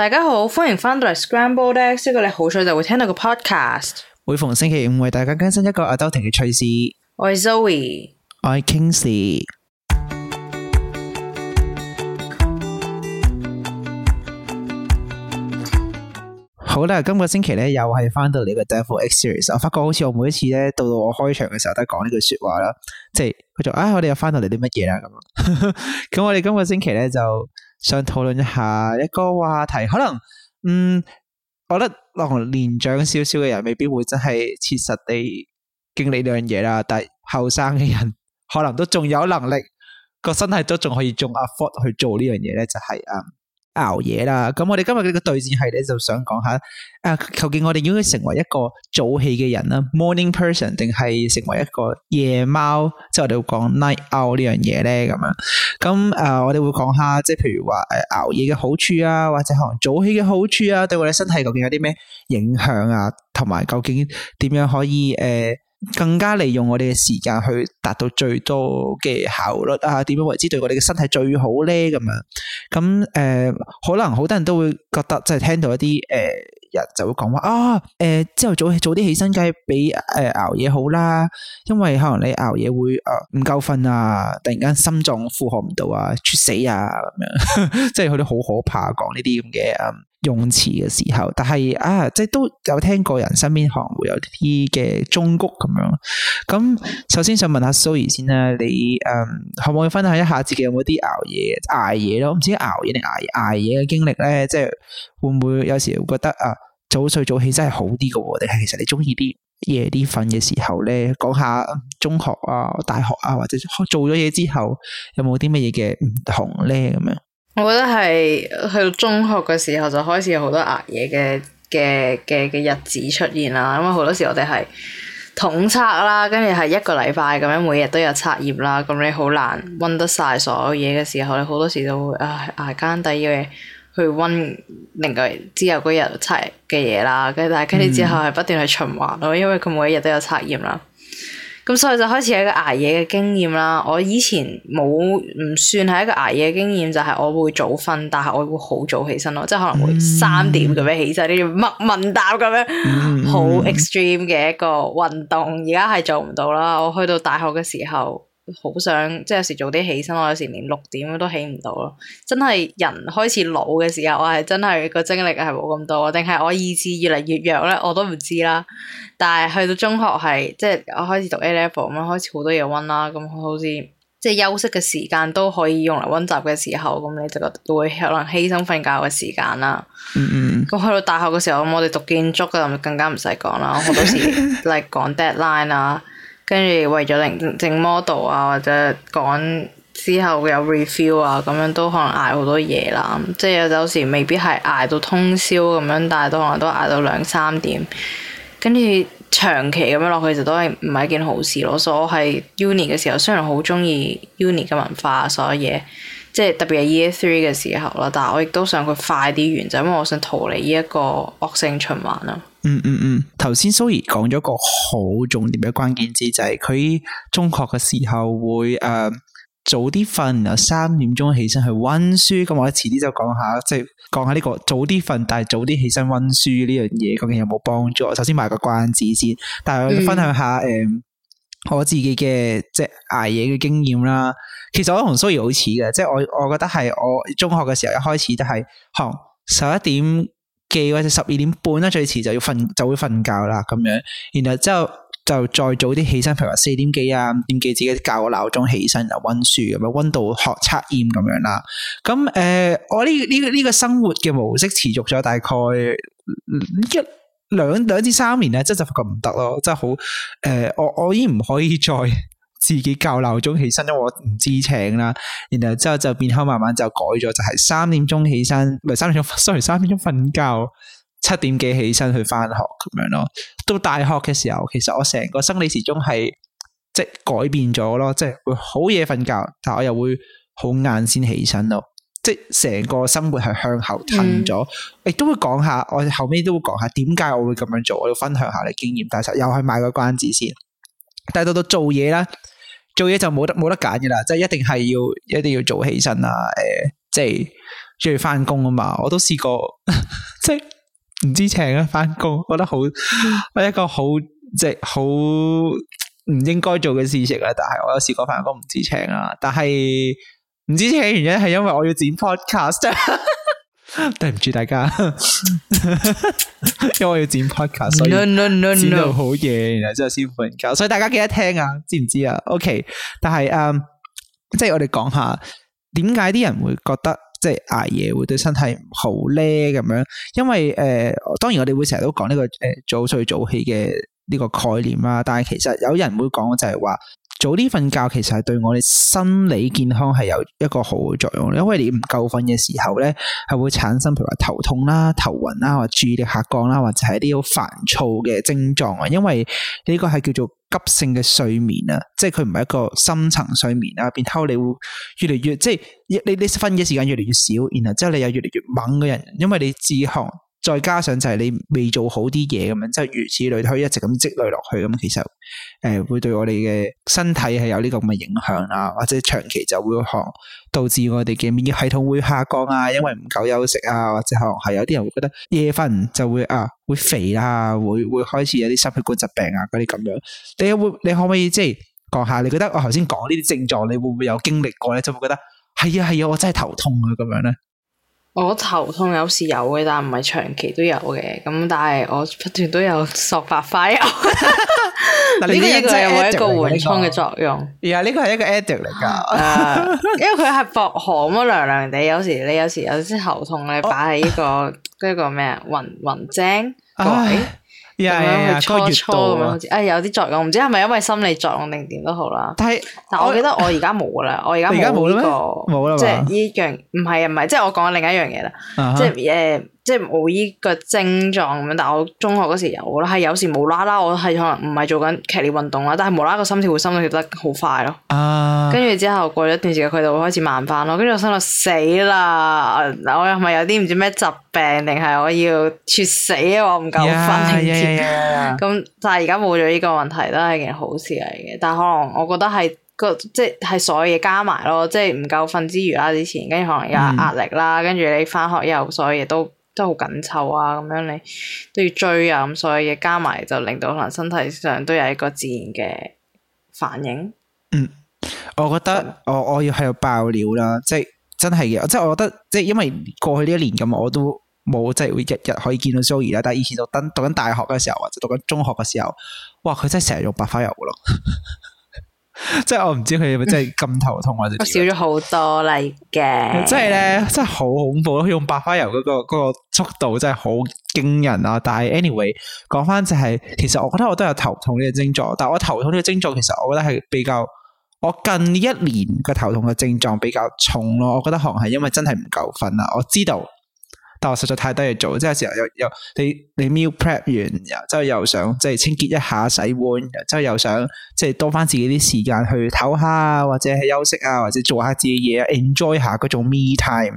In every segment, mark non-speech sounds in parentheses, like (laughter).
大家好，歡迎翻到嚟 Scrambled Eggs 咧，呢個你好彩就會聽到個 podcast，每逢星期五為大家更新一個 Adulting 嘅趣事。我係 Zoe，我係 Kingsley。 (music) 好啦，今個星期咧又係翻到嚟個 Devil X Series，我發覺好似我每一次咧到到我開場嘅時候都係講呢句說話啦，即係佢就啊、哎、我哋又翻到嚟啲乜嘢啦咁，咁我哋今個星期咧就。想討論一下一個話題，可能嗯，我覺得我同年長少少嘅人未必會真係切實地經歷呢樣嘢啦，但後生嘅人可能都仲有能力，個身體都仲可以仲 afford 去做呢樣嘢咧，就係啊。熬夜啦，咁我哋今日嘅個對戰系列，就想講下，啊，究竟我哋應該成為一個早起嘅人啦、啊、，morning person，定係成為一個夜貓，即係我哋會講 night out 呢樣嘢咧，咁啊，咁誒，我哋會講下，即係譬如話誒、啊，熬夜嘅好處啊，或者可能早起嘅好處啊，對我哋身體究竟有啲咩影響啊，同埋究竟點樣可以誒？呃更加利用我哋嘅時間去達到最多嘅效率啊？點樣為之對我哋嘅身體最好咧？咁樣咁誒、呃，可能好多人都會覺得，即係聽到一啲誒、呃、人就會講話啊，誒、呃，之後早早啲起身梗係比誒、呃、熬夜好啦，因為可能你熬夜會誒唔、呃、夠瞓啊，突然間心臟負荷唔到啊，猝死啊咁樣，即係佢都好可怕講呢啲咁嘅啊。用詞嘅時候，但係啊，即係都有聽過人身邊可能會有啲嘅中谷咁樣。咁、嗯、首先想問下 Zoe 先啦、啊，你誒、嗯、可唔可以分享一下自己有冇啲熬夜、捱夜咯？唔知熬夜定捱捱夜嘅經歷咧，即係會唔會有時候覺得啊早睡早起真係好啲嘅、啊，定係其實你中意啲夜啲瞓嘅時候咧？講下中學啊、大學啊，或者做咗嘢之後，有冇啲乜嘢嘅唔同咧？咁樣。我覺得係去到中學嘅時候就開始有好多捱夜嘅嘅嘅嘅日子出現啦，啦，啦，啦，因為好多時我哋係統測啦，跟住係一個禮拜咁樣每日都有測驗啦，咁你好難温得晒所有嘢嘅時候，你好多時都會唉捱更，抵嘅去温另外之後嗰日測嘅嘢啦，跟住但係跟住之後係不斷去循環咯，因為佢每一日都有測驗啦。咁所以就開始有一個捱夜嘅經驗啦。我以前冇唔算係一個捱夜嘅經驗，就係、是、我會早瞓，但係我會好早起身咯。即係可能會三點咁樣起身，你要默問答咁樣，好、嗯、 (laughs) extreme 嘅一個運動。而家係做唔到啦。我去到大學嘅時候。好想即係有時早啲起身，我有時連六點都起唔到咯。真係人開始老嘅時候，我係真係、嗰個精力係冇咁多，定係我意志越嚟越弱咧，我都唔知啦。但係去到中學係即係我開始讀 A Level 咁樣，開始多好多嘢溫啦。咁好似即係休息嘅時間都可以用嚟溫習嘅時候，咁你就覺會可能犧牲瞓覺嘅時間啦。咁、mm hmm. 去到大學嘅時候，我哋讀建築嘅，咪更加唔使講啦。好多時嚟講、 (laughs) like, deadline 啊。跟住為咗令整 model 啊，或者講之後有 review 啊，咁樣都可能捱好多夜啦。即係有時未必係捱到通宵咁樣，但係都可能都捱到兩三點。跟住長期咁樣落去，就都係唔係一件好事咯。所以，我係 uni 嘅時候，雖然好中意 uni 嘅文化所有嘢，即係特別係 year three 嘅時候啦，但係我亦都想佢快啲完，就因為我想逃離呢一個惡性循環咯。嗯嗯嗯，頭先 Zoe 講咗個好重點嘅關鍵字，就係、是、佢中學嘅時候會誒、呃、早啲瞓，又三點鐘起身去溫書。咁我哋遲啲就講下，即係講下呢個早啲瞓，但係早啲起身溫書呢樣嘢，究竟有冇幫助？首先賣個關子先，但係我分享下誒、嗯呃、我自己嘅即係捱夜嘅經驗啦。其實我同 Zoe 好似嘅，即係我我覺得係我中學嘅時候一開始都係，嗬十一點。記或者十二點半啦，最遲就要瞓，就會瞓覺啦咁樣。然後之後就再早啲起身，譬如話四點幾啊，五點幾自己校個鬧鐘起身就溫書咁啊，溫度學測驗咁樣啦。咁誒、呃，我呢呢呢個生活嘅模式持續咗大概一兩兩至三年咧，真係發覺唔得咯，真係好誒，我我已經唔可以再。 (laughs) 自己教鬧鐘起身，因為我唔知情啦。然後之後就變後慢慢就改咗，就係、是、三點鐘起身，唔係三點鐘，sorry 三點鐘瞓覺，七點幾起身去返學咁樣咯。到大學嘅時候，其實我成個生理時鐘係即係改變咗咯，即係會好夜瞓覺，但係我又會好晏先起身咯，即係成個生活係向後褪咗。亦、嗯、都會講下，我後尾都會講下點解我會咁樣做，我要分享下你經驗大。但係又去賣個關子先。但係到到做嘢啦，做嘢就冇得冇得揀嘅啦，即係一定係要一定要早起身啊！誒、呃，即係中意翻工啊嘛！我都試過，呵呵即係唔知請啊翻工，覺得好，嗯、一個好即係好唔應該做嘅事情啊，但係我有試過翻工唔知請啊，但係唔知請嘅原因係因為我要剪 podcast、嗯。 (laughs) 對唔住大家， (laughs) 因為我要剪 podcast 所以剪到好夜，然後之後先瞓覺，所以大家記得聽啊，知唔知啊？OK，但係誒，um, 即係我哋講下點解啲人會覺得即係挨夜會對身體唔好咧咁樣？因為誒、呃，當然我哋會成日都講呢、這個誒早睡早起嘅呢個概念啦、啊。但係其實有人會講就係話。早啲瞓覺其實係對我哋心理健康係有一個好嘅作用，因為你唔夠瞓嘅時候咧，係會產生譬如話頭痛啦、啊、頭暈啦、啊，或注意力下降啦、啊，或者係一啲好煩躁嘅症狀啊。因為呢個係叫做急性嘅睡眠啊，即係佢唔係一個深層睡眠啊，變偷你會越嚟越，即係你你瞓嘅時間越嚟越少，然後之後你又越嚟越猛嘅人，因為你自控。再加上就係你未做好啲嘢咁樣，即係如此類推，一直咁積累落去咁，其實誒會對我哋嘅身體係有呢個咁嘅影響啊，或者長期就會行導致我哋嘅免疫系統會下降啊，因為唔夠休息啊，或者可能係有啲人會覺得夜瞓就會啊會肥啊，會會開始有啲心血管疾病啊嗰啲咁樣。你會你可唔可以即係講下你覺得我頭先講呢啲症狀，你會唔會有經歷過咧？就會覺得係啊係啊，我真係頭痛啊咁樣咧。我頭痛有時有嘅，但唔係長期都有嘅。咁但係我不斷都有索白花油。呢呢個有冇一個緩衝嘅作用？而係呢個係一個 add 嚟噶。 (laughs) uh, 因為佢係薄荷咁啊涼涼地，有時你有時有啲頭痛你擺喺呢個呢一、oh. 個咩啊，云云精個位。雲 (laughs) 咁樣去搓咁樣，好似 Yeah ,、yeah, 初，誒、哎、有啲作用，唔知係咪因為心理作用定點都好啦。但係是，但我記得我而家冇啦， (laughs) 我而家冇呢個，即係呢樣，唔係啊，唔係，即係我講另一樣嘢啦，uh huh. 即係誒。Yeah, 即係冇呢個症狀咁樣，但係我中學嗰時有啦，係有時無啦啦，我係可能唔係做緊劇烈運動啦，但係無啦個心跳會心跳得好快咯。跟住、uh, 之後過咗一段時間，佢就會開始慢翻咯。跟住我心諗死啦，我又係咪有啲唔知咩疾病，定係我要猝死啊？我唔夠瞓咁、yeah, yeah, yeah, yeah. (laughs) 但係而家冇咗呢個問題都係件好事嚟嘅，但係可能我覺得係個即係所有嘢加埋咯，即係唔夠瞓之餘啦，之前跟住可能有壓力啦，跟住、嗯、你翻學又所有嘢都都好緊湊啊，咁樣你都要追啊，咁所有嘢加埋就令到可能身體上都有一個自然嘅反應。嗯，我覺得的我我要喺度爆料啦，即係真係嘅，即係我覺得即係因為過去呢一年咁，我都冇即係會日日可以見到 Zoe 啦。但係以前讀讀緊大學嘅時候或者讀緊中學嘅時候，哇，佢真係成日用白花油嘅咯。 (laughs) 即係我唔知佢係咪真係咁頭痛或者 (laughs) 少咗好多嚟嘅，即係咧，真係好恐怖咯！佢用白花油嗰、嗰個、嗰個速度真係好驚人啊！但係 anyway，講返就係、是，其實我覺得我都有頭痛呢個症狀，但我頭痛呢個症狀其實我覺得係比較我近一年個頭痛嘅症狀比較重咯。我覺得可能係因為真係唔夠瞓啦，我知道。但我實在太多嘢做，即係有時候又又你你 meal prep 完，之後又想即係清潔一下洗碗，之後又想即係多翻自己啲時間去唞下，或者係休息啊，或者做下自己嘢，enjoy 下嗰種 me time，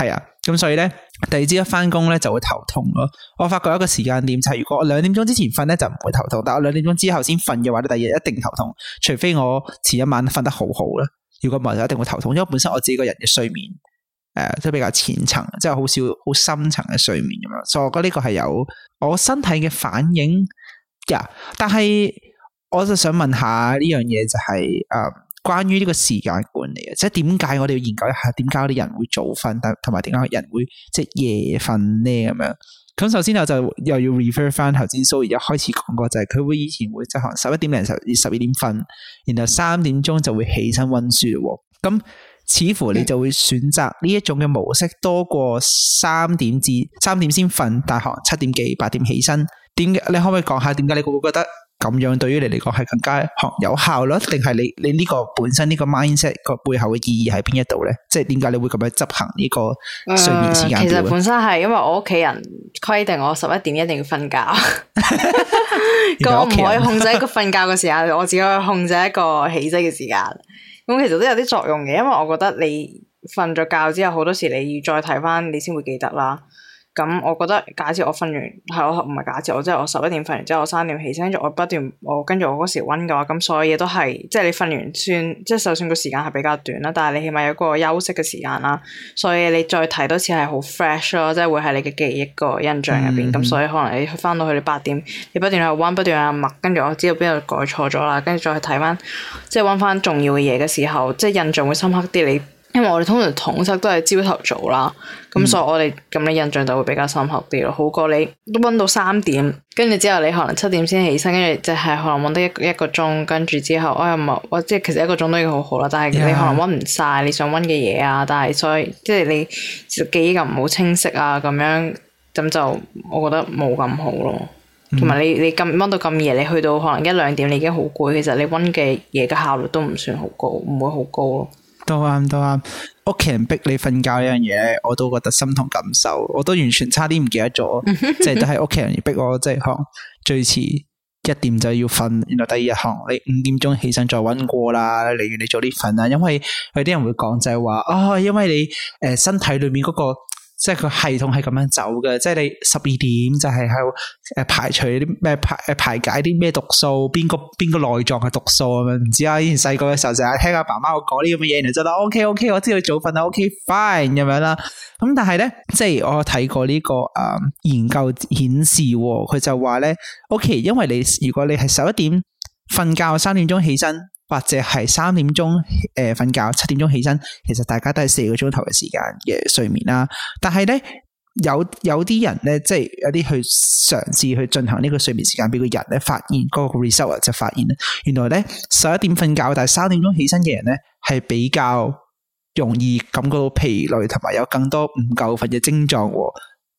係啊，咁所以咧第二朝一翻工咧就會頭痛咯。我發覺一個時間點，就係如果我兩點鐘之前瞓咧就唔會頭痛，但係我兩點鐘之後先瞓嘅話你第二日一定頭痛，除非我前一晚瞓得好好啦。如果唔係就一定會頭痛，因為本身我自己個人嘅睡眠。誒、呃，都比較淺層，即係好少好深層嘅睡眠咁樣，所以我覺得呢個係有我身體嘅反應 yeah, 但係我就想問下呢樣嘢，就係誒，關於呢個時間管理，即係點解我哋要研究一下，點解啲人會早瞓，但同埋點解人會即係夜瞓呢？咁樣？咁首先我就又要 refer 翻頭先蘇儀一開始講過，就係佢會以前會即係可能十一點零十、十二點瞓，然後三點鐘就會起身温書，咁。似乎你就會選擇呢一種嘅模式多過三點至三點先瞓，大學七點幾八點起身，點解？你可唔可以講下點解你會覺得咁樣對於你嚟講係更加學有效率？定係你你呢個本身呢個 mindset 個背後嘅意義喺邊一度咧？即係點解你會咁樣執行呢個睡眠時間表？呃、其實本身係因為我屋企人規定我十一點一定要瞓覺 (laughs) (laughs) 我唔可以控制一個瞓覺嘅時間，我只可以控制一個起身嘅時間。咁其實都有啲作用嘅，因為我覺得你瞓咗覺之後，好多時你要再睇返，你先會記得啦。咁我覺得假設我瞓完係，我唔係假設、即係、我即係我十一點瞓完之後我三點起身，跟住我不斷我跟住我嗰時温嘅話，咁所有嘢都係即係你瞓完算即係就算個時間係比較短啦，但係你起碼有個休息嘅時間啦，所以你再睇多次係好 fresh 咯，即係會係你嘅記憶個印象入邊，咁、嗯嗯、所以可能你翻到去你八點，你不斷去温不斷去默，跟住我知道邊度改錯咗啦，跟住再去睇翻即係温翻重要嘅嘢嘅時候，即係印象會深刻啲你。因為我哋通常統測都係朝頭早啦，咁、嗯、所以我哋咁嘅印象就會比較深刻啲咯。好過你都溫到三點，跟住之後你可能七點先起身，跟住就係可能溫得一一個鐘，跟住之後我、哎、又冇，我即係其實一個鐘都已經好好啦。但係你可能溫唔晒你想溫嘅嘢啊，但係所以即係你記憶又唔好清晰啊，咁樣咁就我覺得冇咁好咯。同埋、嗯、你你咁溫到咁夜，你去到可能一兩點你已經好攰，其實你溫嘅嘢嘅效率都唔算好高，唔會好高咯。都啱，都啱。屋企人逼你瞓覺呢樣嘢，我都覺得心同感受。我都完全差啲唔記得咗，即係 (laughs) 都係屋企人而逼我，即係行最遲一點就要瞓。然後第二日行你五點鐘起身再温過啦，例如你早啲瞓啦，因為有啲人會講就係、是、話，哦，因為你誒、呃、身體裏面嗰、那個。即係佢系統係咁樣走嘅，即係你十二點就係喺度誒排除啲咩排誒排解啲咩毒素，邊個邊個內臟嘅毒素咁樣唔知啊。以前細個嘅時候成日聽阿爸媽講呢咁嘅嘢，然之後就話 O K O K，我知道早瞓啦，O K fine 咁樣啦。咁但係咧，即係我睇過呢、這個誒、嗯、研究顯示，佢就話咧 O K，因為你如果你係十一點瞓覺，三點鐘起身。或者係三點鐘誒瞓覺七點鐘起身，其實大家都係四個鐘頭嘅時間嘅睡眠啦。但係咧有有啲人咧，即係有啲去嘗試去進行呢個睡眠時間，俾個人咧發現嗰個 result 就發現咧，原來咧十一點瞓覺但係三點鐘起身嘅人咧係比較容易感覺到疲累，同埋有更多唔夠瞓嘅症狀。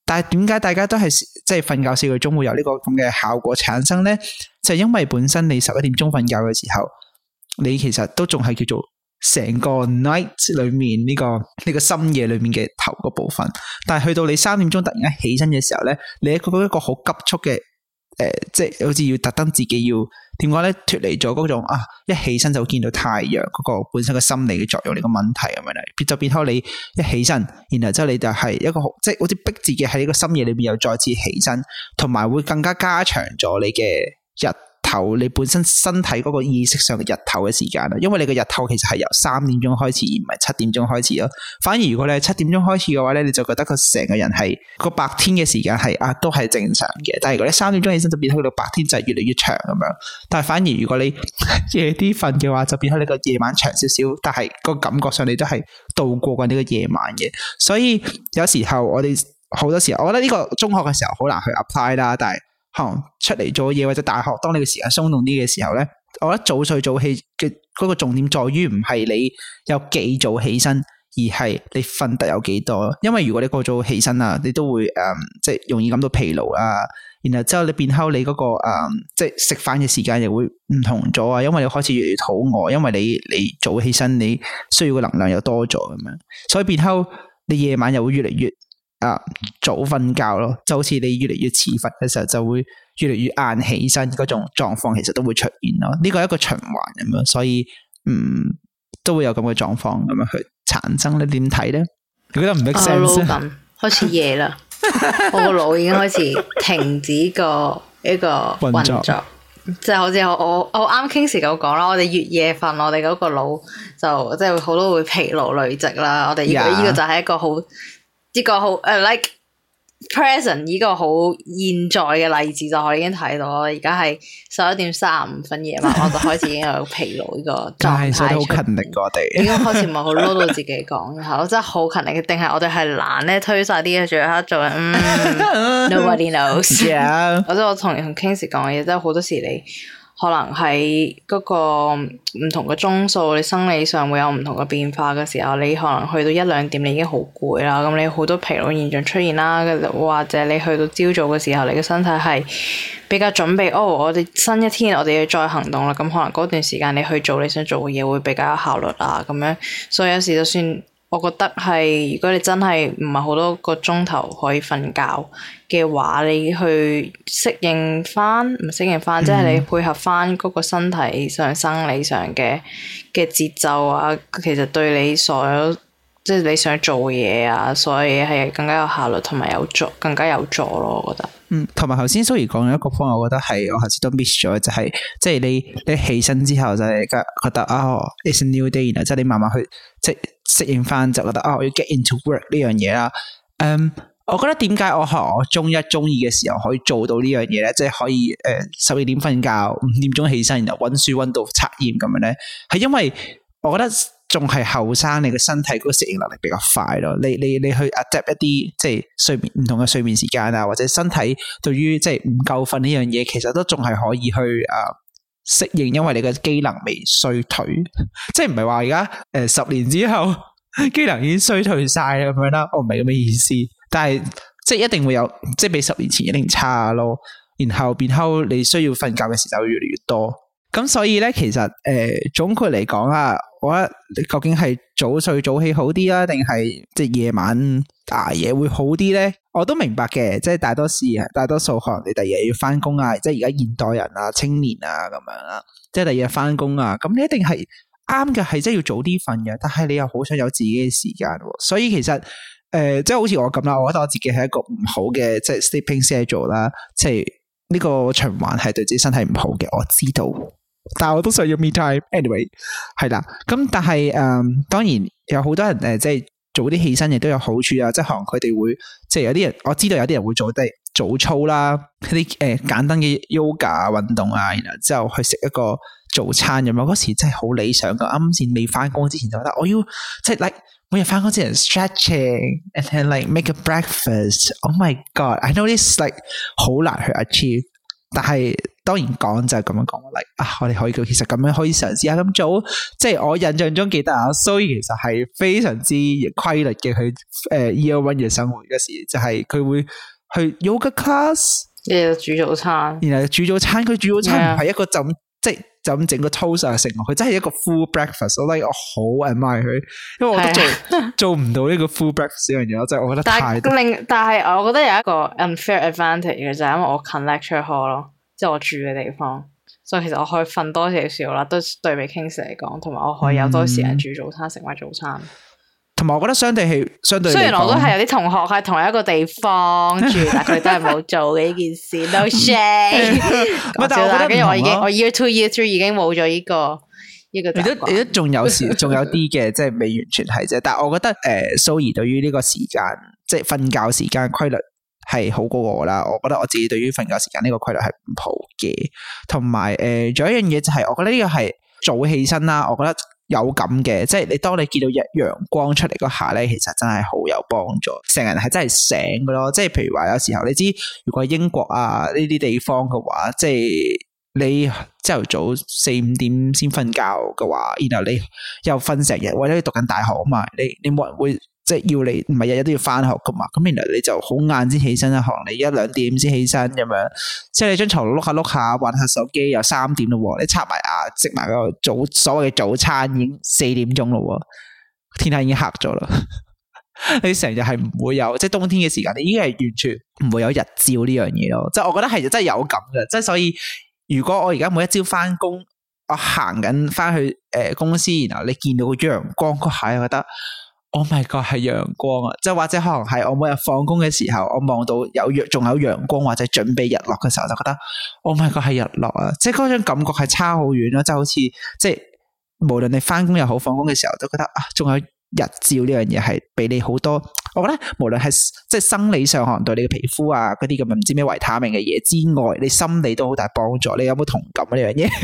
但係點解大家都係即係瞓覺四個鐘會有呢個咁嘅效果產生咧？就係因為本身你十一點鐘瞓覺嘅時候。你其實都仲係叫做成個 night 裏面呢、呢個呢、呢個深夜裏面嘅頭個部分，但係去到你三點鐘突然間起身嘅時候咧，你佢嗰一個好急促嘅，誒、呃，即係好似要特登自己要點講咧，脫離咗嗰種啊，一起身就見到太陽嗰個本身嘅心理嘅作用呢、呢個問題咁樣咧，就變開你一起身，然後之後你就係一個即係好似逼自己喺呢個深夜裏面又再次起身，同埋會更加加長咗你嘅日。頭你本身身體嗰個意識上嘅日頭嘅時間啦，因為你個日頭其實係由三點鐘開始，而唔係七點鐘開始咯。反而如果你係七點鐘開始嘅話咧，你就覺得佢成個人係個白天嘅時間係啊都係正常嘅。但係如果你三點鐘起身就變到白天就係越嚟越長咁樣。但係反而如果你夜啲瞓嘅話，就變咗你個夜晚長少少。但係個感覺上你都係度過緊呢個夜晚嘅。所以有時候我哋好多時候，我覺得呢個中學嘅時候好難去 apply 啦，但係。出嚟做嘢或者大學，當你嘅時間鬆動啲嘅時候咧，我覺得早睡早起嘅嗰、那個重點在於唔係你有幾早起身，而係你瞓得有幾多。因為如果你過早起身啊，你都會誒、嗯、即係容易感到疲勞啊。然後之後你變後你嗰、那個、嗯、即係食飯嘅時間又會唔同咗啊。因為你開始越嚟越肚餓，因為你你早起身，你需要嘅能量又多咗咁樣，所以變後你夜晚又會越嚟越。啊，uh, 早瞓覺咯，就好似你越嚟越遲瞓嘅時候，就會越嚟越晏起身嗰種狀況，其實都會出現咯。呢個係一個循環咁樣，所以嗯，都會有咁嘅狀況咁樣去產生。你點睇咧？覺得唔 make sense？開始夜啦， (laughs) 我個腦已經開始停止、這個一個運作，即係好似我我我啱 Kingsley 咁講啦。我哋越夜瞓，我哋嗰個腦就即係好多會疲勞累積啦。我哋如果呢個就係一個好。呢個好誒、uh, like present 呢個好現在嘅例子就我已經睇到，而家係十一點三十五分夜晚，我就開始已經有疲勞呢個狀態出嚟 (laughs) 過我哋。已 (laughs) 經開始唔係好 load 到自己講，我真係好勤力嘅。定係我哋係懶咧推晒啲嘢最後一做、嗯、 (laughs) ？Nobody knows。Yeah. 我真係我同你同 Kings 講嘅嘢，真係好多時你。可能喺嗰個唔同嘅鐘數，你生理上會有唔同嘅變化嘅時候，你可能去到一兩點，你已經好攰啦，咁你好多疲勞現象出現啦，或者你去到朝早嘅時候，你嘅身體係比較準備，哦，我哋新一天，我哋要再行動啦，咁可能嗰段時間你去做你想做嘅嘢會比較有效率啊，咁樣，所以有時就算。我覺得係，如果你真係唔係好多個鐘頭可以瞓覺嘅話，你去適應翻，唔適應翻，即係你配合翻嗰個身體上生理上嘅嘅節奏啊，其實對你所有即係你想做嘢啊，所以係更加有效率同埋有助，更加有助咯，我覺得。嗯，同埋頭先 Zoe 講嘅一個方，我覺得係我頭先都 miss 咗，就係、是、即係你你起身之後就係覺得啊、哦，it's a new day，然後即係你慢慢去即係適應翻，就覺得啊，哦、我要 get into work 呢樣嘢啦。嗯、um，我覺得點解我學我中一中二嘅時候可以做到呢樣嘢咧？即、就、係、是、可以誒十二點瞓覺，五點鐘起身，然後溫書溫到、測驗咁樣咧，係因為我覺得。仲係後生，你個身體嗰個適應能力比較快咯。你你你去 adapt 一啲即係睡眠唔同嘅睡眠時間啊，或者身體對於即係唔夠瞓呢樣嘢，其實都仲係可以去誒適應，因為你嘅機能未衰退， (laughs) 即係唔係話而家誒十年之後機 (laughs) 能已經衰退晒咁樣啦。我唔係咁嘅意思，但係即係一定會有，即係比十年前一定差咯。然後變後你需要瞓覺嘅時就會越嚟越多。咁所以咧，其實誒、呃，總括嚟講啊，我覺得究竟係早睡早起好啲啊，定係即係夜晚挨夜會好啲咧？我都明白嘅，即係大多時，大多數可能你第二日要翻工啊，即係而家現代人啊、青年啊咁樣啊，即係第二日翻工啊，咁你一定係啱嘅，係即係要早啲瞓嘅。但係你又好想有自己嘅時間，所以其實誒、呃，即係好似我咁啦，我覺得我自己係一個唔好嘅，即係 sleeping schedule 啦，即係呢個循環係對自己身體唔好嘅，我知道。但係我都想要 me time anyway。Anyway，係啦。咁但係誒，當然有好多人誒、呃，即係早啲起身亦都有好處啊。即係可能佢哋會即係有啲人，我知道有啲人會做低早操啦，啲誒、呃、簡單嘅 yoga 運動啊，然後之後去食一個早餐咁啊。嗰時真係好理想噶。啱先未返工之前就覺得，我要即係 like 每日返工之前 stretching，and then like make a breakfast。Oh my god！I know this like 好難去 achieve，但係。當然講就係、是、咁樣講嚟啊！我哋可以叫其實咁樣可以嘗試下咁做。即係我印象中記得啊，所以其實係非常之規律嘅佢誒 year one 嘅生活嗰時，就係、是、佢會去 yoga class，yeah, 煮早餐然後煮早餐，然後煮早餐。佢煮早餐唔係一個怎 Yeah. 即係怎整個 toast 食，佢真係一個 full breakfast Yeah. I like, I、really。我 like 我好 admire 佢，因為我都做 (laughs) 做唔到呢個 full breakfast 呢樣嘢，我真係我覺得太另 (laughs) 但係我覺得有一個 unfair advantage 嘅就係因為我近 lecture hall 咯。即係我住嘅地方，所以其實我可以瞓多少少啦，都對比 Kingston 嚟講，同埋我可以有多時間煮早餐食埋早餐。同埋、嗯、我覺得相對係相對，雖然我都係有啲同學喺同一個地方住， (laughs) 但佢都係冇做嘅呢件事，都 shame 我覺得因為我已經我 year two year three 已經冇咗呢個呢個。這個、你都你都仲有時，仲有啲嘅，即係未完全係啫。但係我覺得誒，Zoe、uh, Zoe 對於呢個時間，即係瞓覺時間規律。係好過我啦，我覺得我自己對於瞓覺時間呢個規律係唔好嘅，同埋誒，仲、呃、有一樣嘢就係、是，我覺得呢個係早起身啦，我覺得有感嘅，即係你當你見到日陽光出嚟嗰下咧，其實真係好有幫助，成人係真係醒噶咯，即係譬如話有時候你知，如果英國啊呢啲地方嘅話，即係你朝頭早四五點先瞓覺嘅話，然後你又瞓成日，或者讀緊大學啊嘛，你你冇人會。即係要你唔係日日都要翻學噶嘛，咁原來你就好晏先起身一學，可能你一兩點先起身咁樣，即係你張床碌下碌下，玩下手機，又三點咯、哦，你刷埋牙，食埋個早所謂嘅早餐，已經四點鐘咯、哦，天黑已經黑咗啦。 (laughs) 你成日係唔會有，即係冬天嘅時間，你已經係完全唔會有日照呢樣嘢咯。即係我覺得係真係有咁嘅，即係所以如果我而家每一朝翻工，我行緊翻去誒、呃、公司，然後你見到個陽光嗰下，我覺得。我咪個係陽光啊，即係或者可能係我每日放工嘅時候，我望到有陽仲有陽光或者準備日落嘅時候，就覺得我咪個係日落啊！即係嗰種感覺係差好遠咯，即係好似即係無論你返工又好放工嘅時候，都覺得啊，仲有日照呢樣嘢係畀你好多。我覺得無論係即係生理上可能對你嘅皮膚啊嗰啲咁唔知咩維他命嘅嘢之外，你心理都好大幫助。你有冇同感呢樣嘢？ (laughs)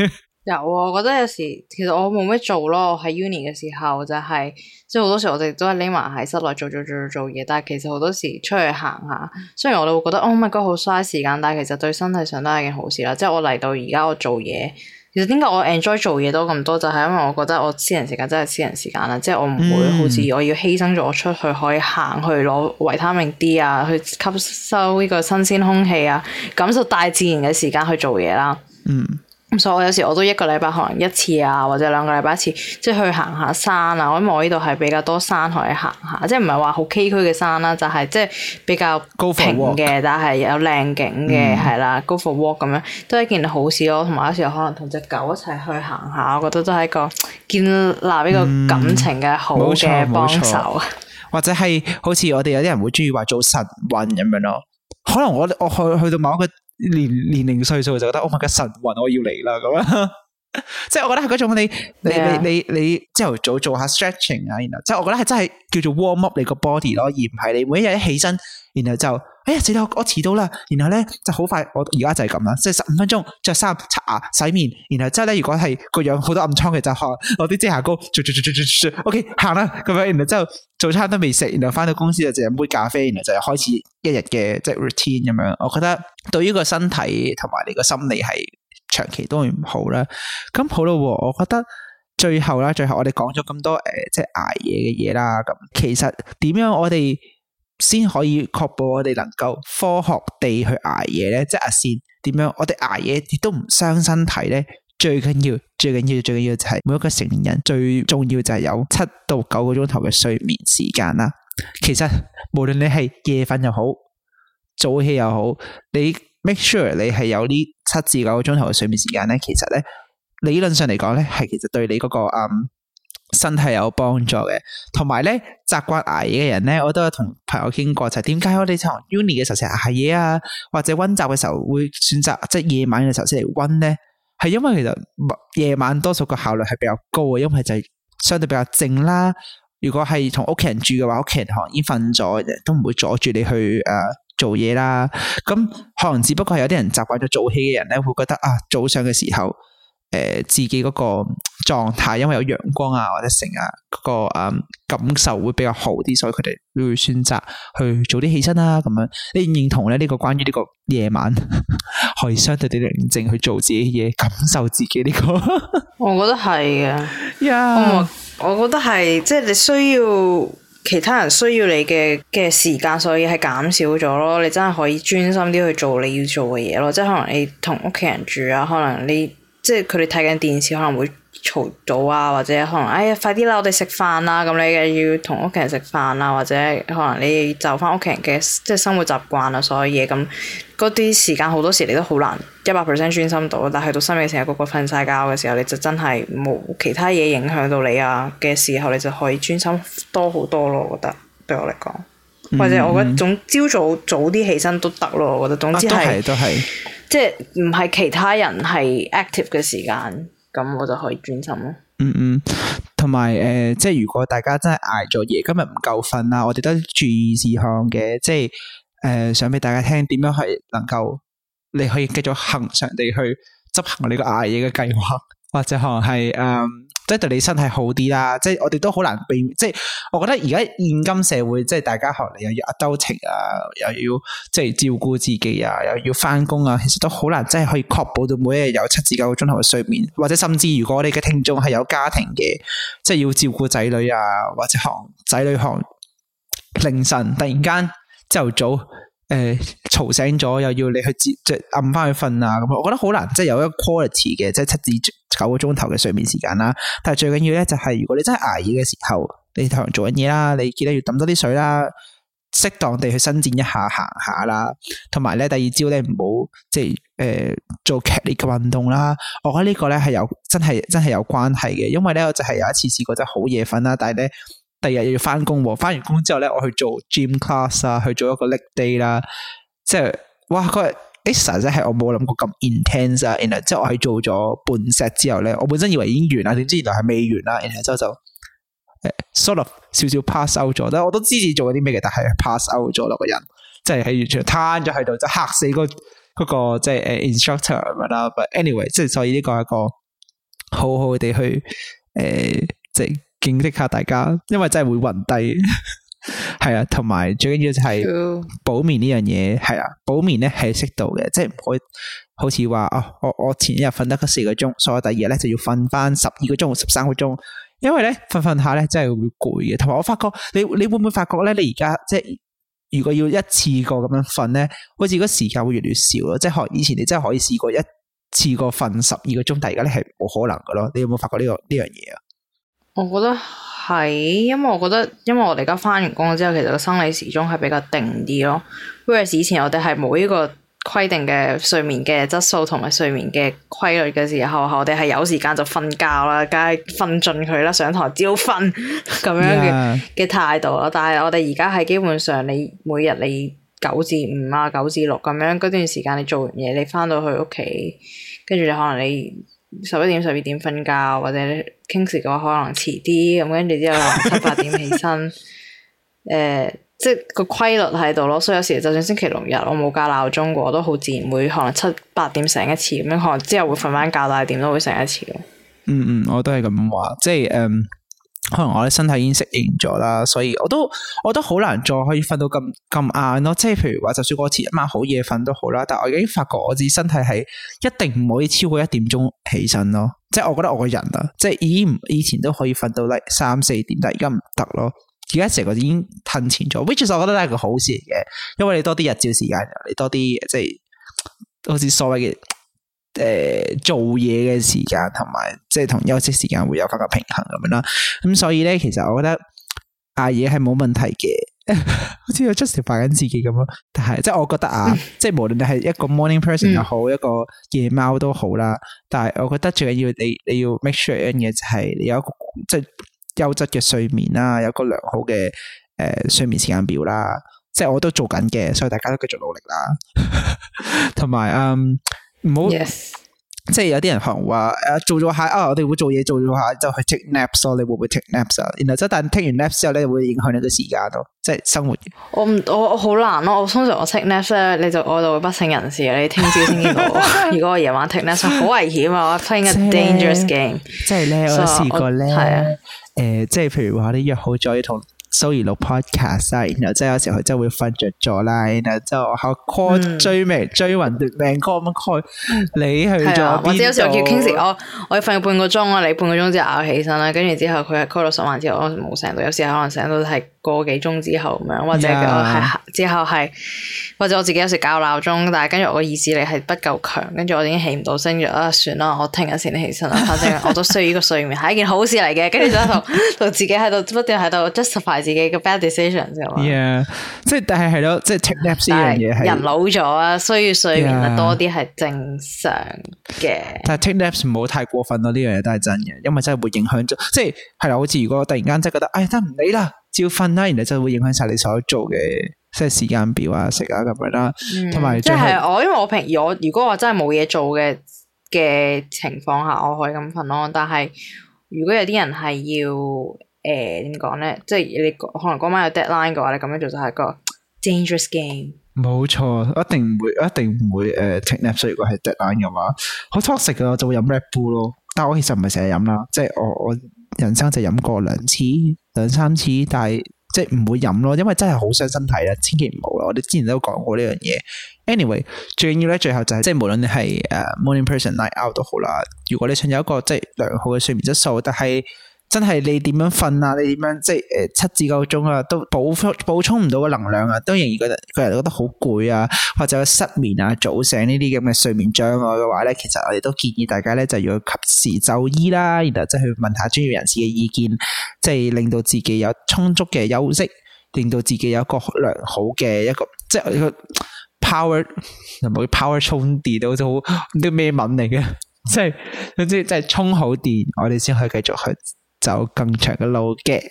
有啊，我覺得有時其實我冇咩做咯。喺 uni 嘅時候就係、是，即係好多時候我哋都係匿埋喺室內做做做做嘢。但係其實好多時出去行下，雖然我哋會覺得哦，唔該好嘥時間，但係其實對身體上都係一件好事啦。即係我嚟到而家我做嘢，其實點解我 enjoy 做嘢多咁多，就係、是、因為我覺得我私人時間真係私人時間啦。即係我唔會好似我要犧牲咗我出去可以行去攞維他命 D 啊，去吸收呢個新鮮空氣啊，感受大自然嘅時間去做嘢啦。嗯。所以我有時我都一個禮拜可能一次啊，或者兩個禮拜一次，即係去行下山啊。因為我呢度係比較多山可以行下，即係唔係話好崎嶇嘅山啦，就係即係比較平嘅，Go for walk，但係有靚景嘅係啦。Go for walk 咁樣都係一件好事咯。同埋有時可能同隻狗一齊去行下，我覺得都係一個建立一個感情嘅好嘅幫手。啊、嗯。或者係好似我哋有啲人會中意話做晨運咁樣咯。可能我我去去到某一個年年齡歲數就覺得，哦，我嘅神魂我要嚟啦，咁樣，即係我覺得係嗰種你，Yeah. 你你你你朝頭早做下 stretching 啊，然後即係我覺得係真係叫做 warm up 你個 body 咯，而唔係你每一日一起身然後就。哎呀，死啦，我遲到啦，然後咧就好快，我而家就係咁啦，即係十五分鐘，着衫刷牙、洗面，然後之後咧，如果係個樣好多暗瘡嘅，就開我啲遮瑕膏，做做做做做，OK，行啦咁樣，然後之後早餐都未食，然後翻到公司就就飲杯咖啡，然後就開始一日嘅即係 routine 咁樣。我覺得對於個身體同埋你個心理係長期都會唔好啦。咁好啦、啊，我覺得最後啦，最後我哋講咗咁多誒、呃，即係捱夜嘅嘢啦。咁其實點樣我哋？先可以確保我哋能夠科學地去捱夜咧，即係阿善點樣？我哋捱夜亦都唔傷身體咧。最緊要、最緊要、最緊要就係每一個成年人最重要就係有七到九個鐘頭嘅睡眠時間啦。其實無論你係夜瞓又好，早起又好，你 make sure 你係有呢七至九個鐘頭嘅睡眠時間咧。其實咧，理論上嚟講咧，係其實對你、嗰個個啊。嗯身體有幫助嘅，同埋咧習慣熬夜嘅人咧，我都有同朋友傾過，就係點解我哋喺 Uni 嘅時候成日熬夜啊，或者溫習嘅時候會選擇即係夜晚嘅時候先嚟溫咧，係因為其實夜晚多數個效率係比較高嘅，因為就係相對比較靜啦。如果係同屋企人住嘅話，屋企人可能已經瞓咗，都唔會阻住你去誒、呃、做嘢啦。咁可能只不過係有啲人習慣咗早起嘅人咧，會覺得啊早上嘅時候。誒、呃，自己嗰個狀態，因為有陽光啊或者成日嗰個誒、呃、感受會比較好啲，所以佢哋會選擇去早啲起身啦、啊。咁樣，你認同咧？呢、這個關於呢個夜晚 (laughs) 可以相對地寧靜去做自己嘅嘢，感受自己呢個，我覺得係嘅。呀，我我覺得係，即係你需要其他人需要你嘅嘅時間，所以係減少咗咯。你真係可以專心啲去做你要做嘅嘢咯。即係可能你同屋企人住啊，可能你。即係佢哋睇緊電視可能會嘈早啊，或者可能哎呀快啲啦，我哋食飯啦咁咧，你要同屋企人食飯啊，或者可能你就返屋企人嘅即係生活習慣啊，所有嘢咁，嗰啲時間好多時你都好難一百 percent 專心到，但係到深夜成日個個瞓晒覺嘅時候，你就真係冇其他嘢影響到你啊嘅時候，你就可以專心多好多咯，我覺得對我嚟講，或者我覺得總朝早早啲起身都得咯，我覺得總之係、嗯嗯啊。都係都係。即係唔係其他人係 active 嘅時間，咁我就可以專心咯，嗯。嗯嗯，同埋誒，即係如果大家真係捱咗夜，今日唔夠瞓啦，我哋都注意事項嘅，即係誒、呃，想俾大家聽點樣係能夠，你可以繼續恆常地去執行你個捱夜嘅計劃。或者可能係誒，um, 即係對你身體好啲啦。即係我哋都好難避免，即係我覺得而家現今社會，即係大家學嚟又要 adulting 啊，又要即係照顧自己啊，又要返工啊，其實都好難，即係可以確保到每一日有七至九個鐘頭嘅睡眠。或者甚至如果我哋嘅聽眾係有家庭嘅，即係要照顧仔女啊，或者學仔女學凌晨突然間朝頭早，誒，嘈、呃、醒咗又要你去接，即係撳翻去瞓啊！咁樣我覺得好難，即係有一個 quality 嘅，即係七至九個鐘頭嘅睡眠時間啦。但係最緊要咧，就係、是、如果你真係捱夜嘅時候，你同做緊嘢啦，你記得要抌多啲水啦，適當地去伸展一下、行下啦，同埋咧第二朝咧唔好即係誒、呃、做劇烈嘅運動啦。我覺得呢個咧係有真係真係有關係嘅，因為咧我就係有一次試過真係好夜瞓啦，但係咧。第二日又要翻工喎，翻完工之後咧，我去做 gym class 啊，去做一個 leg day 啦、啊，即係哇，日 Elsa 真係我冇諗過咁 intense 啊！即係我係做咗半 set 之後咧，我本身以為已經完啦、啊，點知原來係未完啦、啊，然後之後就誒、是 uh, sort of 少少 pass out 咗，但我都知自己做啲咩嘅，但係 pass out 咗咯個人，即係喺完全癱咗喺度，就嚇死、那個嗰、那個即係誒、uh, instructor 啦、啊。但係 anyway，即係所以呢個係一個好好地去誒、uh, 即警惕下大家，因為真係會暈低，係 (laughs) 啊，同埋最緊要就係補眠呢樣嘢，係啊，補眠咧係適度嘅，即係唔可以好似話哦，我我前一日瞓得嗰四個鐘，所以第二日咧就要瞓翻十二個鐘或十三個鐘，因為咧瞓瞓下咧真係會攰嘅。同埋我發覺，你你會唔會發覺咧？你而家即係如果要一次過咁樣瞓咧，我哋嗰時間會越嚟越少咯。即係以前你真係可以試過一次過瞓十二個鐘，但而家咧係冇可能㗎咯。你有冇發覺呢個呢樣嘢啊？我覺得係，因為我覺得，因為我哋而家翻完工之後，其實個生理時鐘係比較定啲咯。因為以前我哋係冇呢個規定嘅睡眠嘅質素同埋睡眠嘅規律嘅時候，我哋係有時間就瞓覺啦，梗係瞓盡佢啦，上台朝瞓咁樣嘅的嘅 Yeah. 態度咯。但係我哋而家係基本上，你每日你九至五啊，九至六咁樣嗰段時間，你做完嘢，你翻到去屋企，跟住你可能你。十一點、十二點瞓覺，或者傾時嘅話，可能遲啲咁，跟住之後七八點起身。誒、 (laughs) 呃，即係個規律喺度咯，所以有時就算星期六日我冇教鬧鐘過，我都好自然會可能七八點醒一次，咁可能之後會瞓翻覺，但係點都會醒一次咯。嗯嗯，我都係咁話，即係誒。Um 可能我嘅身體已經適應咗啦，所以我都，我都好難再可以瞓到咁咁晏咯。即係譬如話，就算嗰次一晚好夜瞓都好啦，但係我已經發覺我隻身體係一定唔可以超過一點鐘起身咯。即係我覺得我個人啊，即係已以前都可以瞓到嚟三四點，但係而家唔得咯。而家成個已經褪前咗，which is 我覺得係個好事嚟嘅，因為你多啲日照時間，你多啲即係，好似所謂嘅。誒、呃，做嘢嘅時間同埋，即係同休息時間會有翻個平衡咁樣啦。咁所以咧，其實我覺得捱夜係冇問題嘅， (laughs) 好似我 justify 化緊自己咁咯。但係即係我覺得啊， (laughs) 即係無論你係一個 morning person 又好，嗯、一個夜貓都好啦。但係我覺得最緊要你你要 make sure 嘅嘢就係你有一個即係優質嘅睡眠啦，有一個良好嘅誒、呃、睡眠時間表啦。即係我都做緊嘅，所以大家都繼續努力啦。 (laughs) 同埋嗯。唔好，Yes，即係有啲人可能話誒，做咗下啊，我哋會做嘢做咗下，就去 take naps 咯。你會唔會 take naps 啊？然後即係但係 take 完 naps 之後咧，會影響你嘅時間度，即係生活。我唔，我我好難咯。我通常我 take naps 咧，你就我就會不省人事。你聽朝先見到我，如果我夜晚 take naps，好危險啊！我 playing a dangerous game。即係咧，我試過咧，係啊，誒，即係譬如話你約好咗要同。收而錄 podcast 然後即係有時候佢真會瞓着咗啦，然後就 call 追，追、嗯、追，追命追魂奪命 call，Call 你去啊，或者有時候叫 k i n 我我要瞓半個鐘啊，你半個鐘之後我起身啦，跟住之後佢係 call 到十萬之後我冇醒到，有時可能醒到係個幾鐘之後咁樣，或者我係 Yeah. 之後係或者我自己有時搞鬧鐘，但係跟住我意志力係不夠強，跟住我已經起唔到身咗，啊算啦，我聽日先起身啦，反正 (laughs) 我都需要呢個睡眠，係一件好事嚟嘅，跟住就同同自己喺度不斷喺度自己嘅 bad decision 啫嘛，yeah，即係、就是、但係係咯，即係 take naps 呢樣嘢係人老咗啊，需要睡眠得多啲係正常嘅。但係 take naps 唔好太過分咯，呢樣嘢都係真嘅，因為真係會影響咗。即係係啦，好似如，如果我突然間真係覺得哎得唔理啦，照瞓啦，然後就會影響晒你所做嘅即係時間表啊、食啊咁樣啦、啊。同埋即係我因為我平我如果我真係冇嘢做嘅嘅情況下，我可以咁瞓咯。但係如果有啲人係要。誒，點講咧？即係你可能嗰晚有 deadline 嘅話，你咁樣做就係一個 dangerous game。冇錯，一定唔會，一定唔會誒、呃，停藥。所以如果係 deadline 嘅話，好 toxic 噶，我就會飲 red bull 咯。但係我其實唔係成日飲啦，即係我我人生就飲過兩次、兩三次，但係即係唔會飲咯，因為真係好傷身體啊，千祈唔好啦。我哋之前都講過呢樣嘢。Anyway，最重要咧，最後就係、是、即係無論你係誒、uh, morning person night owl 都好啦。如果你想有一個即係良好嘅睡眠質素，但係。真係你點樣瞓啊？你點樣即係誒七至九鐘啊？都補充補充唔到個能量啊，都仍然覺得個人覺得好攰啊，或者有失眠啊、早醒呢啲咁嘅睡眠障礙嘅話咧，其實我哋都建議大家咧，就要及時就醫啦，然後即係去問下專業人士嘅意見，即係令到自己有充足嘅休息，令到自己有一個良好嘅一個即係個 power，又冇 power 充電都都啲咩文嚟嘅，即係總之即係充好電，我哋先可以繼續去。走更長嘅路嘅，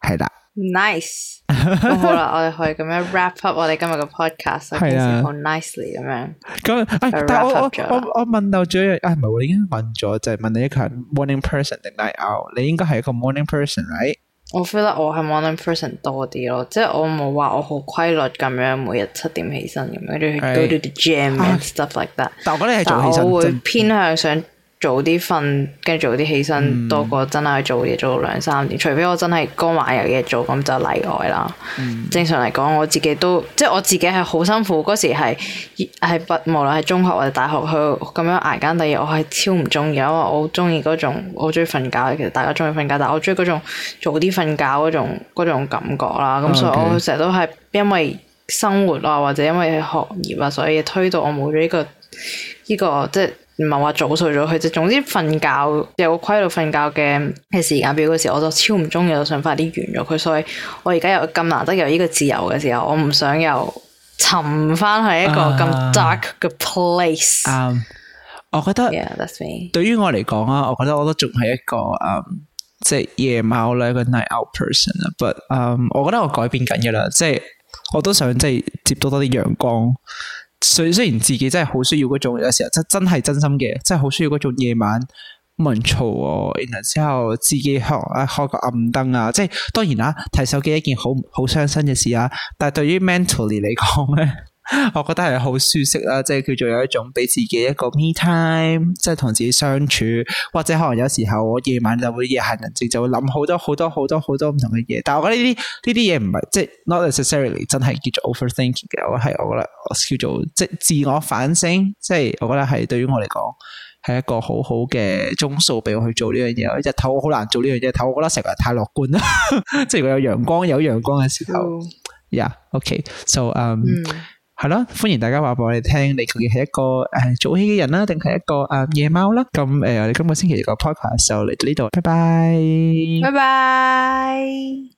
係啦，nice，好啦，我哋可以咁樣 wrap up 我哋今日嘅 podcast，係啊，好 nicely 咁樣。咁，哎，但係我我我我問到咗，哎，唔係，我應該問咗，就係問你一個 morning person 定 night owl？你應該係一個 morning person，right？我 feel 得我係 morning person 多啲咯，即係我冇話我好規律咁樣，每日七點起身咁樣，跟住去 do 啲 gym 嘅 stuff like that。但係我咧係早起身，我會偏向想，早啲瞓，跟住早啲起身，嗯、多過真係去做嘢做兩三點。除非我真係光買有嘢做，咁就例外啦。嗯、正常嚟講，我自己都即係我自己係好辛苦。嗰時係係無論係中學或者大學，去咁樣捱更第二，我係超唔中意。因為我好中意嗰種，我中意瞓覺。其實大家中意瞓覺，但係我中意嗰種早啲瞓覺嗰種嗰種感覺啦。咁所以，我成日都係因為生活啊，或者因為係學業啊，所以推到我冇咗呢個呢個即係。唔係話，早睡咗佢啫，總之瞓覺有個規律瞓覺嘅嘅時間表嗰時候，我就超唔中意，就想快啲完咗佢。所以我而家又咁難得有呢個自由嘅時候，我唔想又沉翻係一個咁 dark 嘅 place。Uh, um, 我覺得，對於我嚟講啊，我覺得我都仲係一個嗯，um, 即係夜貓咧個 night out person 啦。But, um, 我覺得我改變緊嘅啦，即係我都想即係接到多多啲陽光。雖雖然自己真係好需要嗰種，有時候真真係真心嘅，真係好需要嗰種夜晚冇人嘈哦。然之後自己開開個暗燈啊，即係當然啦、啊，睇手機一件好好傷身嘅事啊。但係對於 mentally 嚟講咧。 (laughs) 我覺得係好舒適啦，即係叫做有一種俾自己一個 me time，即係同自己相處，或者可能有時候我夜晚就會夜行人靜，就會諗好多好多好多好多唔同嘅嘢。但係我覺得呢啲呢啲嘢唔係即係 not necessarily 真係叫做 overthinking 嘅，我係我覺得，我覺得我叫做即自我反省，即係我覺得係對於我嚟講係一個好好嘅鐘數俾我去做呢樣嘢。日頭好難做呢樣嘢，日頭我覺得成日太樂觀啦。 (laughs) 即係如果有陽光有陽光嘅時候，呀、mm. yeah,，OK，就嗯。係啦、 (noise) 嗯，歡迎大家話畀我哋聽，你究竟係一個誒早起嘅人啦，定係一個誒、啊、夜貓啦？咁誒，我、呃、哋今個星期個 Podcast 就嚟到呢度，拜拜，拜拜。拜拜。